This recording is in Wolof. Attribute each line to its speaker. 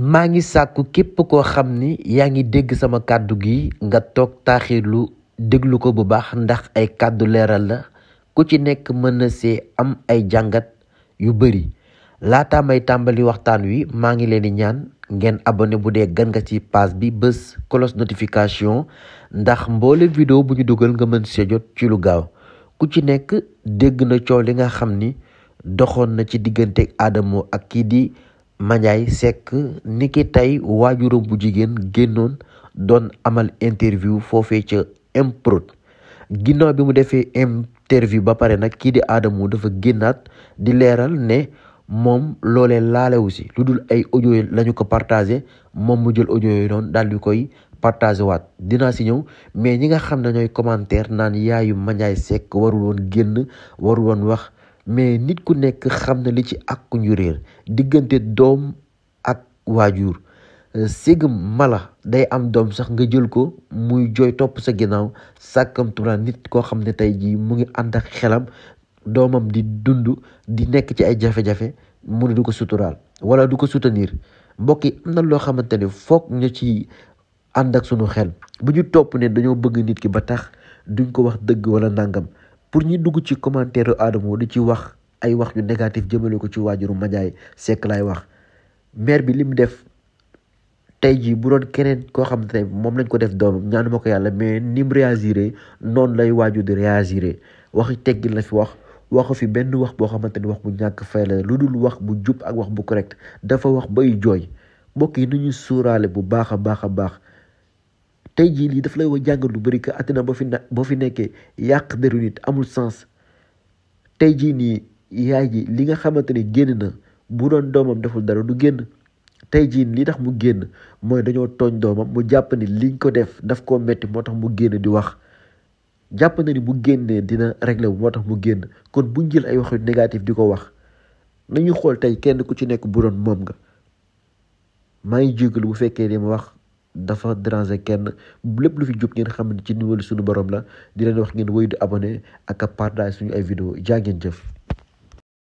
Speaker 1: maa ngi sàkku képp koo xam ni yaa ngi dégg sama kàddu gi nga toog lu déglu ko bu baax ndax ay kàddu leeral la ku ci nekk mën na see am ay jàngat yu bëri laata may tàmbali waxtaan wi maa ngi leen di ñaan ngeen abonné bu dee gan nga ci page bi bés cloche notification ndax mboole vidéo bu ñu dugal nga mën see jot ci lu gaaw ku ci nekk dégg na coow li nga xam ni doxoon na ci diggante Adamo ak kii di Mandiaye Seck niki tey waajuram bu jigéen génnoon doon amal interview foofee ca improt ginnaaw bi mu defee interview ba pare nag kii di Adamo dafa génnaat di leeral ne moom loole laalewu si lu dul ay audio lañu ko partagé moom mu jël audio yooyu noonu daal di koy partagé waat dinaa si ñëw mais ñi nga xam ne ñooy commentaire naan yaayu Mandiaye Seck warul génn warul woon wax mais nit ku nekk xam na li ci ak ñu réer diggante doom ak waajur euh, ségam mala day am doom sax nga jël ko muy jooy topp sa ginnaaw sàkkamtura nit koo xam ne tey jii mu ngi ànd ak xelam doomam di dund di nekk ci ay jafe-jafe mu ne du ko suturaal wala du ko soutenir mbokk yi am na loo xamante ne foog ñu ci ànd ak sunu xel bu ñu topp ne dañoo bëgg nit ki ba tax duñ ko wax dëgg wala nangam pour ñi dugg ci commentaire Adamo di ci wax ay wax yu négatif jëmale ko ci waajuru Mandiaye Seck lay wax maire bi li mu def tey jii bu doon keneen koo xam ne moom lañ ko def doomam ñaanuma ko yàlla mais ni mu réagiré noonu lay waaju di réagiré waxi teggil la fi wax waxu fi benn wax boo xamante ni wax bu ñàkk fay la lu dul wax bu jub ak wax bu correct dafa wax bay jooy mbokk yi nañu suuraale bu baax a baax a baax tey jii lii daf lay wa jàngat lu bëri que àddina boo fi fi nekkee yàq deru nit amul sens tey jii nii yaay ji li nga xamante ne génn na bu doon doomam deful dara du génn tey jiin li tax mu génn mooy dañoo tooñ doomam mu jàpp ni liñ ko def daf koo metti moo tax mu génn di wax jàpp na ni bu génnee dina réglé wu moo tax mu génn kon buñ jël ay wax yu di ko wax nañu xool tey kenn ku ci nekk bu doon moom nga maa ngi bu fekkee li ma wax dafa déranger kenn lépp lu fi jub ngeen xam ne ci ndimbal suñu borom la di leen wax ngeen wéy di abonné ak a partage suñu ay vidéo jaa jëf